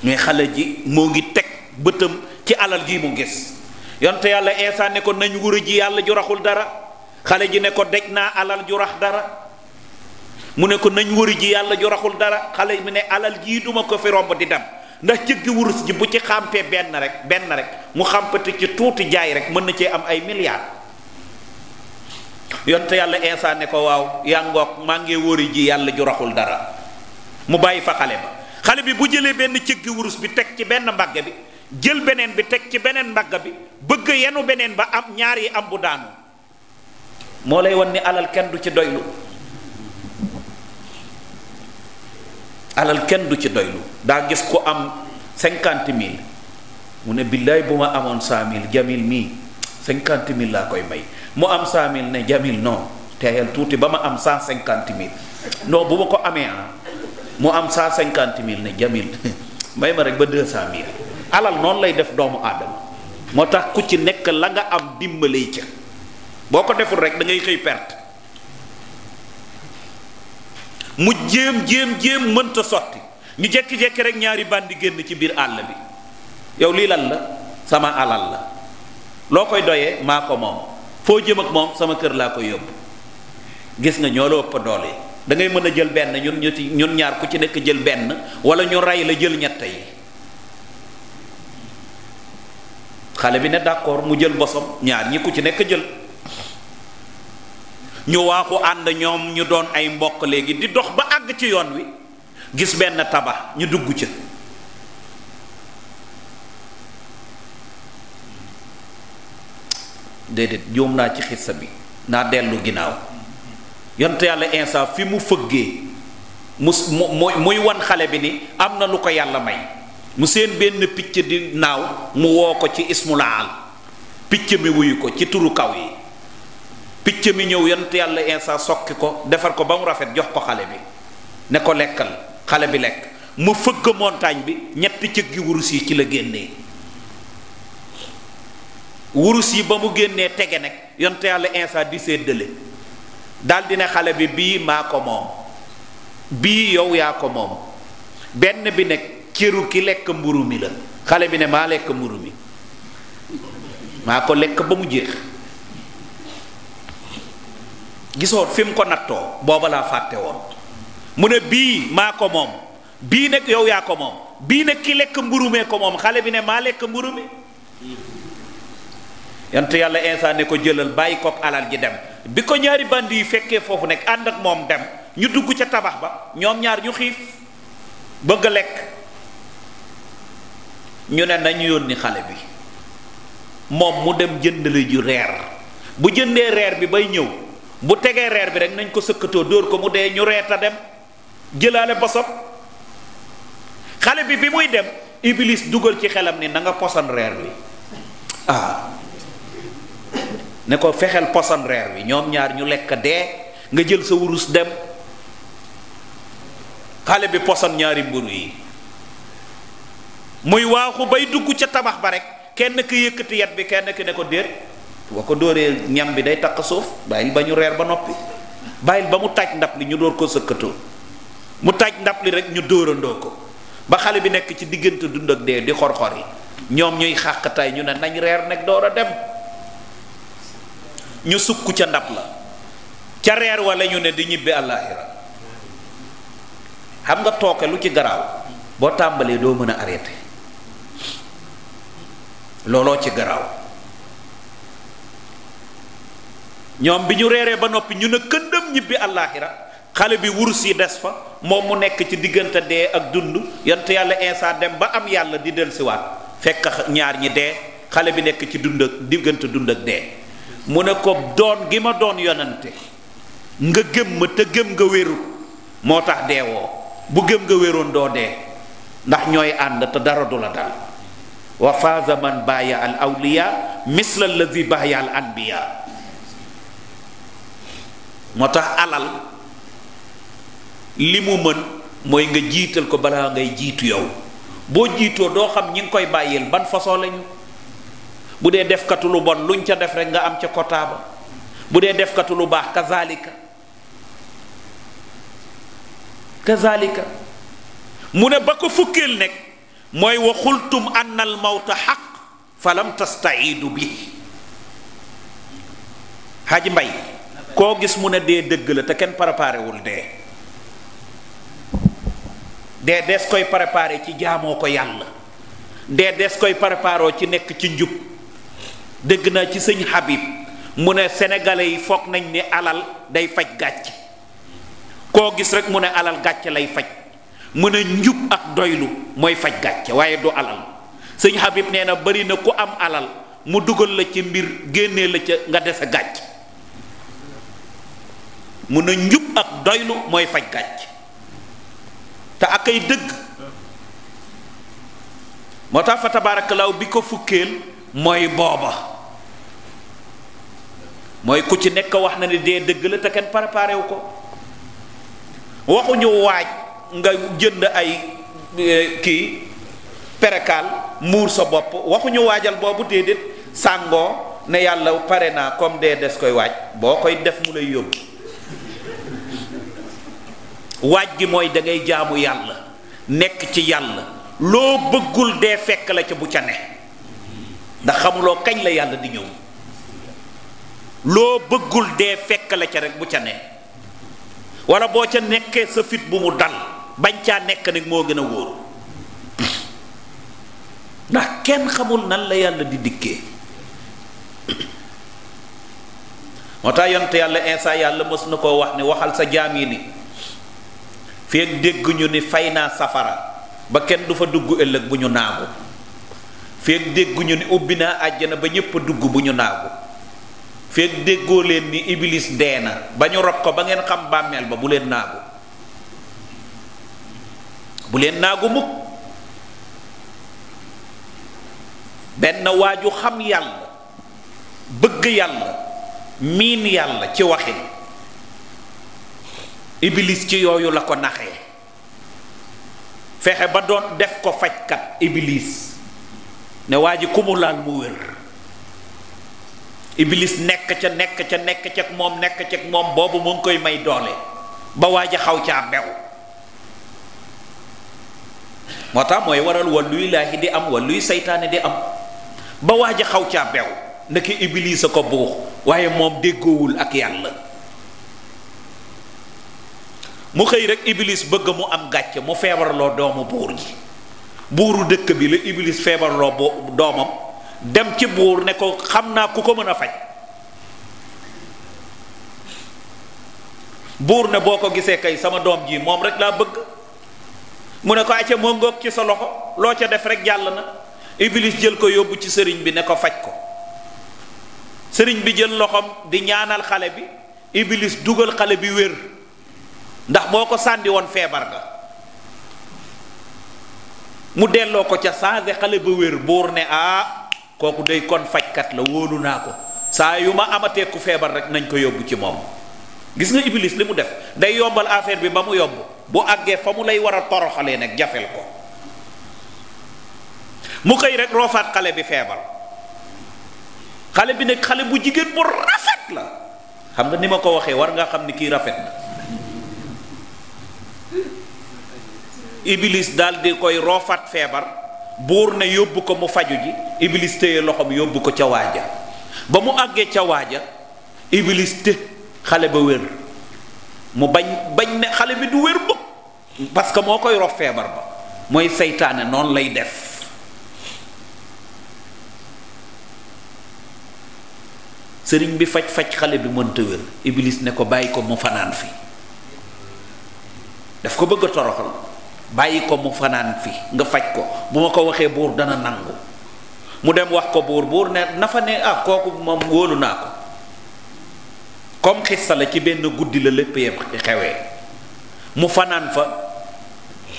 [SPEAKER 1] mais xale ji moo ngi teg bëtam ci alal ji mu gis yonte yàlla eesa ne ko nañ wuru ji yàlla ju dara xale ji ne ko dej naa alal ju rax dara mu ne ko nañ wëri ji yàlla ju raxul dara xale bi ne alal jii duma ko fi romb di dem ndax jëggi wurus ji bu ci xàmpee benn rek benn rek mu xàmpati ci tuuti jaay rek mën na cee am ay milliards yonte yàlla eesa ne ko waaw yàngook maa ngi wëri ji yàlla ju raxul dara mu bàyyi fa xale ba xale bi bu jëlee benn cëggi wurus bi teg ci benn mbagg bi jël beneen bi teg ci beneen mbagg bi bëgg yenu beneen ba am ñaar yi am bu daanu moo lay wan ni alal kenn du ci doylu alal kenn du ci doylu daa gis ku am cinquante mille mu ne billaay bu ma amoon cent mille jamil mii cinquante mille laa koy may mu am cent ne jamil non tuuti ba ma am cent cinquante mille non bu ma ko amee ah mu am cent cinquante mille ne jamil *laughs* may ma rek ba deux cent mille alal noonu lay def doomu aadama moo tax ku ci nekk la nga am dimbalee ca boo ko deful rek da ngay xëy perte mu jéem jéem jéem mënta sotti ñu jekki-jekki rek ñaari bandi génn ci biir àll bi yow lii lan la sama alal la loo koy doyee maa ko moom foo jëm ak moom sama kër laa ko yóbbu gis nga ñoo la ëpp doole dangay mën a jël benn ñun ñu ñun ñaar ku ci nekk jël benn wala ñu rey la jël ñett yi xale bi ne d'accord mu jël bosom ñaar ñi ku ci nekk jël ñu waaxu ànd ñoom ñu doon ay mbokk léegi di dox ba àgg ci yoon wi gis benn tabax ñu dugg ca déedéet juum naa ci xissa bi naa dellu ginnaaw yonte yàlla insa fi mu fëggee mu muy wan xale bi ni am na lu ko yàlla may mu seen benn picc di naaw mu woo ko ci ismulaal picc mi wuyu ko ci turu kaw yi picc mi ñëw yont yàlla insa sokki ko defar ko ba mu rafet jox ko xale bi ne ko lekkal xale bi lekk mu fëgg montagne bi ñett cëg gi wurus yi ci la génne wurus yi ba mu génnee tege nag yont yàlla insa di séddale daldi ne xale bi bii maa ko moom bii yow yaa ko moom benn bi ne cëru ki lekk mburu mi la xale bi ne maa lekk mburu mi maa ko lekk ba mu jeex gisoo fi mu ko nattoo booba laa fàtte woon mu ne bii maa ko moom bii nag yow yaa ko moom bii nag ki lekk mburumee ko moom xale bi ne maa lekk mburumi yant yàlla insaan ne ko jëlal bàyyi kook alal ji dem bi ko ñaari bandi yi fekkee foofu nekk ànd ak moom dem ñu dugg ca tabax ba ñoom ñaar ñu xiif bëgg a lekk ñu ne nañu yónni xale bi moom mu dem jënd la ju reer bu jëndee reer bi bay ñëw bu tegee reer bi rekk nañ ko sëkkatoo dóor ko mu dee ñu reeta dem jëlaale bosam xale bi bi muy dem iblis dugal ci xelam ni na nga poson reer bi ah ne ko fexeel poson reer bi ñoom ñaar ñu lekk dee nga jël sa wurus dem xale bi poson ñaari mburu yi muy waaxu bay dugg ca tabax ba rek kenn ki yëkkati yat bi kenn ki ne ko déet boo ko dóoree ñam bi day takk suuf bàyyil ba ñu reer ba noppi bàyyil ba mu taaj ndab li ñu door koo sëkkatoo mu taaj ndab li rek ñu dóorandoo ko ba xale bi nekk ci diggante dund ak dee di xor-xor yi ñoom ñuy xàqtaay ñu ne nañ reer nag door a dem ñu sukk ca ndab la ca reer wala ñu ne di ñibbi àllaaxira xam nga tooke lu ci garaaw boo tàmbalee doo mën a arrêté looloo ci garaaw ñoom bi ñu reeree ba noppi ñu ne këndëm ñibbi àllaaxira xale bi wurus yi des fa moom mu nekk ci diggante dee ak dund yant yàlla insa dem ba am yàlla di dellusiwaat fekk ñaar ñi dee xale bi nekk ci dund ak diggante dund ak dee mu ne ko doon gi ma doon yonante nga gëm te gëm nga wéru moo tax deewoo bu gëm nga wéroon doo dee ndax ñooy ànd te dara du la dal wa faaza man baaya al awliya misla allazi baaya al anbiya moo tax alal li mu mën mooy nga jiital ko balaa ngay jiitu yow boo jiitoo doo xam ñi ngi koy bàyyil ban façon lañu bu dee defkatu lu bon luñ ca def rek nga am ca kotaaba bu dee defkatu lu baax kazalika kazalika mu ne ba ko fukkeel nekk mooy wa xultum anna al mawta xaq falam tastaidu bi xaaji mbay koo gis mu ne dee dëgg la te kenn préparé wul dee dee des koy préparé ci jaamoo ko yàlla dee des koy préparoo ci nekk ci njub dëgg naa ci sëñ Habib mu ne sénégalais yi foog nañ ni alal day faj gàcc koo gis rek mu ne alal gàcce lay faj mu ne njub ak doylu mooy faj gàcc waaye du alal sëñ Habib nee na bari na ku am alal mu dugal la ci mbir génnee la ca nga dese gàcc mun a njub ak doylu mooy faj gàcc te ak ay dëgg moo tax fa tabaarakalaw bi ko fukkeel mooy booba mooy ku ci nekk wax na ni dee dëgg la te kenn préparé wu ko waxuñu waaj nga jënd ay eh, kii perekaal muur sa bopp waxuñu waajal boobu déedéet sàngoo ne yàlla pare naa comme dee des koy waaj boo koy def mu lay yóbbu waaj gi mooy dangay ngay jaamu yàlla nekk ci yàlla loo bëggul dee fekk la ca bu ca ne ndax xamuloo kañ la yàlla di ñëw loo bëggul dee fekk la ca rek bu ca ne wala boo ca nekkee sa fit bu mu dal bañ caa nekk nag moo gën a wóor ndax kenn xamul nan la yàlla di dikkee moo tax yonent yàlla insa yàlla mës na koo wax ne waxal sa jaam yi ni feeg dégg ñu ni fay naa safara ba kenn du fa dugg ëllëg bu ñu naagu feeg dégg ñu ni ba ñépp dugg bu naagu feeg déggoo leen ni iblis dee na ba ñu rob ko ba ngeen xam bàmmeel ba bu leen naagu bu leen naagu mukk benn ju xam yàlla bëgg yàlla miin yàlla ci waxin iblis ci yooyu la ko naxee fexe ba doon def ko fajkat iblis ne waa ji ku mu laal mu wér iblis nekk ca nekk ca nekk ca moom nekk ca moom boobu mu koy may doole ba waa ji xaw ca bew moo tax mooy waral wàlluy laahi di am wàlluy seytaane di am ba waa ji xaw caa bew ndeke iblis a ko buux waaye moom déggowul ak yàlla mu xëy rek iblis bëgg mu am gàcc mu feebarloo doomu buur gi buuru dëkk bi la iblis feebarloo bo doomam dem ci buur ne ko xam naa ku ko mën a faj buur ne boo ko gisee kay sama doom ji moom rek laa bëgg mu ne ko acca moo ci sa loxo loo ca def rek jàll na iblis jël ko yóbbu ci sëriñ bi ne ko faj ko sëriñ bi jël loxoom di ñaanal xale bi iblis dugal xale bi wér ndax boo ko sànni woon feebar nga mu delloo ko ca saase xale ba wér buur ne ah kooku day kon fajkat la wóolu naa ko saa yu ma amatee ku feebar rek nañ ko yóbbu ci moom gis nga iblis li mu def day yombal affaire bi ba mu yomb bu àggee fa mu lay war a toroxalee nag jafel ko mu koy rek roofaat xale bi feebar xale bi nag xale bu jigéen bu rafet la xam nga ni ma ko waxee war nga xam ni kii rafet na iblis daal di koy roofat feebar buur ne yóbbu ko mu faju ji iblis téye loxoom yóbbu ko ca waaja ba mu àggee ca waaja iblis te xale ba wér mu bañ bañ ne xale bi du wér ba parce que moo koy rof feebar ba mooy seytaane noonu lay def sëriñ bi faj faj xale bi mënta wér iblis ne ko bàyyi ko mu fanaan fi daf ko bëgg a bàyyi ko mu fanaan fi nga faj ko bu ma ko waxee buur dana nangu mu dem wax ko buur buur ne nafa ne ak ah, kooku moom wóolu naa ko comme xista la ci benn guddi la lépp yem xewee mu fanaan fa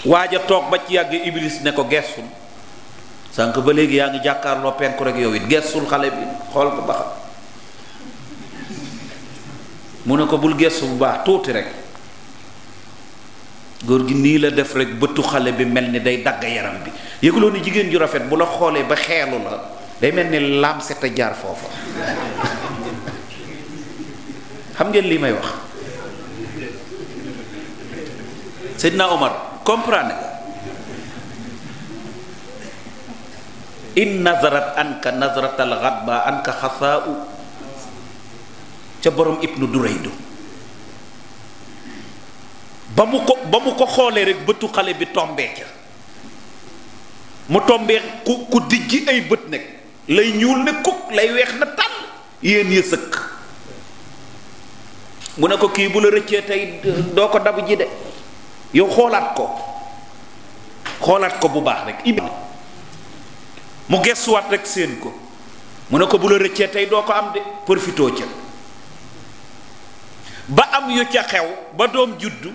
[SPEAKER 1] waaj a toog ba ci yàgg iblis ne ko gestul sànq ba léegi yaa ngi jàkkaarloo penku rek yow it gestul xale bi xool ko ba xam mu ne ko bul gestu bu baax tuuti rek góor gi nii la def rek bëtu xale bi mel ni day dagg yaram bi yëguloo ni jigéen ju rafet bu la xoolee ba xeelu la day mel ni laam set a jaar foofa *laughs* xam ngeen lii may wax Seydina Omar comprendre nga in nazarat anka nazaratal ghadba anka xasaa u ca borom ibnu duraydu ba mu ko ba mu ko xoolee rek bëtu xale bi tombee ca mu tombee ku ku dijji ay bët nag lay ñuul ne kuk lay weex na tàll yéen ya sëkk mu ne ko kii bu la rëccee tey doo ko dabu ji de yow xoolaat ko xoolaat ko bu baax rek ib mu gestuwaat rek seen ko mu ne ko bu la rëccee tey doo ko am de profitoo ca ba am yu ca xew ba doom juddu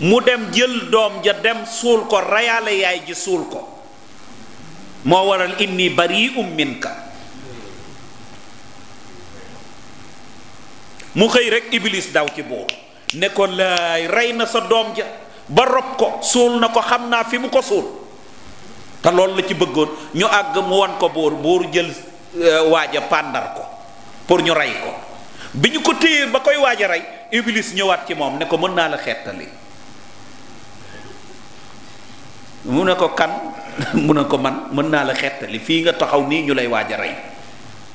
[SPEAKER 1] mu dem jël doom ja dem suul ko reyaale yaay ji suul ko moo waral indi bari'um minka mu xëy rek iblis daw ci buur ne ko laay rey na sa doom ja ba rob ko suul na ko xam naa fi mu ko suul te loolu la ci bëggoon ñu àgg mu won ko buur buur jël euh, waaja pàndar ko pour ñu rey ko bi ñu ko téyee ba koy waaja rey iblis ñëwaat ci moom ne ko mën naa la xettali mu ne ko kan *laughs* mu ne ko man mën naa la xettali fii nga taxaw nii ñu lay waaj rey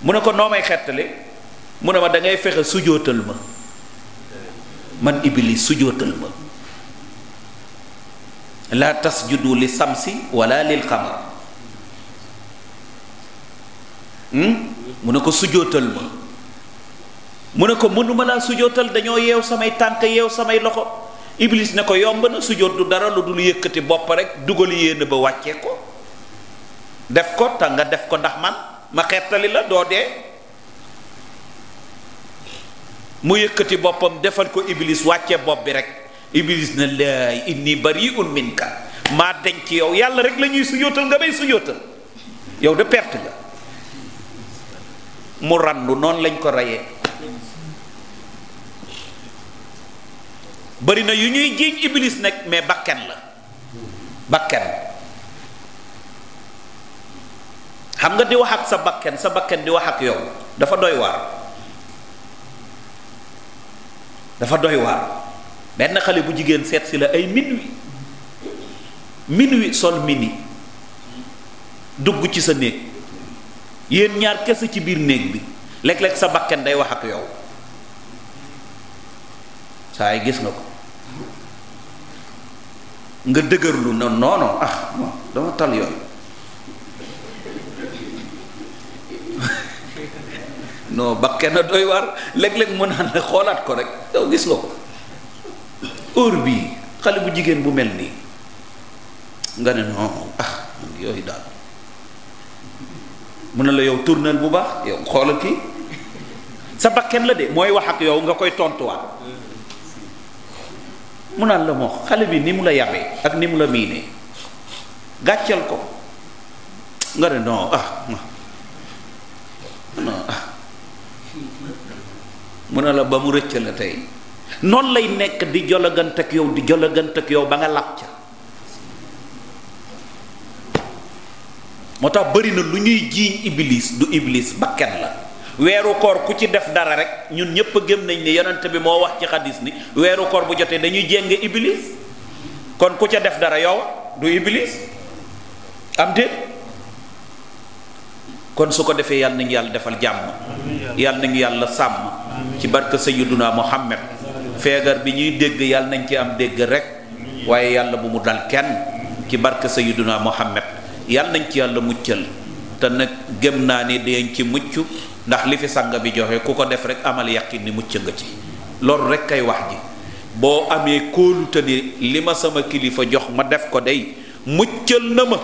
[SPEAKER 1] mu ne ko noo may xettali mu ne ma da fexe sujootal ma man iblis sujootal ma laa tasjudu li samsi wala lil xamar hmm? mu ne ko sujootal mu ne ko mënuma laa sujootal dañoo yeew samay tànk yeew samay loxo iblis na ko yomb na sujjóot du dara lu dul yëkkati bopp rek dugal yéene ba wàccee ko def ko te nga def ko ndax man ma xettali la doo dee mu yëkkati boppam defal ko iblis wàccee bopp bi rek iblis ne laay inni bari'un minka maa denc yow yàlla rek lañuy ñuy sujjóotal nga bay sujjóotal yow de perte nga mu randu noonu lañ ko reyee bari na yu ñuy jiiñ iblis nag mais bakken la bakken xam nga di wax ak sa bakken sa bakken di wax ak yow dafa doy waa dafa doy waar benn xale bu jigéen seet si la ay minuit wi sol mini dugg ci sa néeg yéen ñaar kese ci biir néeg bi léeg-léeg sa bakken day wax ak yow saa yi gis nga ko nga dëgërlu na noono ah non dama tal yooyu *laughs* non ba kenn doy waar léeg-léeg mën naan la xoolaat ko rek yow gis nga ko heure bii xale bu jigéen bu mel nii nga ne non ah yooyu na la yow tournel bu baax yow xoolal kii sa bakken la de mooy wax yow nga koy tontuwaat mu naan la moo xale bi ni mu la yabee ak ni mu la miinee gàccal ko nga ne non ah non ah mu ne la ba mu rëcc la tey noonu lay nekk di jolagant ak yow di jolagant ak yow ba nga làpp ca moo tax bëri lu ñuy jiiñ iblis du iblis bakket la weeru koor ku ci def dara rek ñun ñépp gëm nañ ni yonent bi moo wax ci xadis ni weeru koor bu jotee dañuy jéng iblis kon ku ca def dara yow du iblis am déet kon su ko defee yàlla nañu yàlla defal jàmm yàlla nañu yàlla sàmm ci barke sayyiduna Muhammad feegar bi ñuy dégg yàlla nañ ci am dégg rek waaye yàlla bu mu dal kenn ci barke sayyiduna Muhammad yàlla nañ ci yàlla muccal te nag gëm naa ni dañ ci mucc ndax li fi sang bi joxe ku ko def rek amal yàqin ni mucc nga ci loolu rek kay wax ji boo amee kóolute ni li ma sama kilifa jox ma def ko day muccal na ma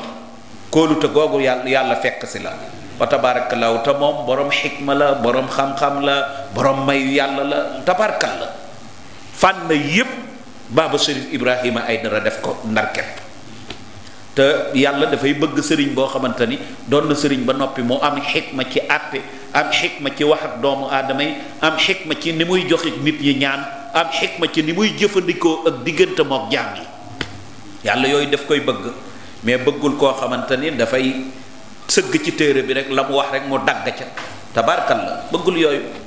[SPEAKER 1] kóolute googu yàlla yàlla fekk si la wa tabaarakallaahu moom borom xikma la borom xam la borom mayu yàlla la tabarkal la fànn yépp baaba Chérif Ibrahima dara def ko ndar te yàlla dafay bëgg sëriñ boo xamante ni doon na sëriñ ba noppi moo am xikma ci àtte am xikma ci wax ak doomu aadama yi am xikma ci ni muy joxe nit yi ñaan am xikma ci ni muy jëfandikoo ak diggante mook jaam yi yàlla yooyu daf koy bëgg mais bëggul koo xamante ni dafay sëgg ci téere bi rek la mu wax rek mu dagg ca tabarkal la bëggul yooyu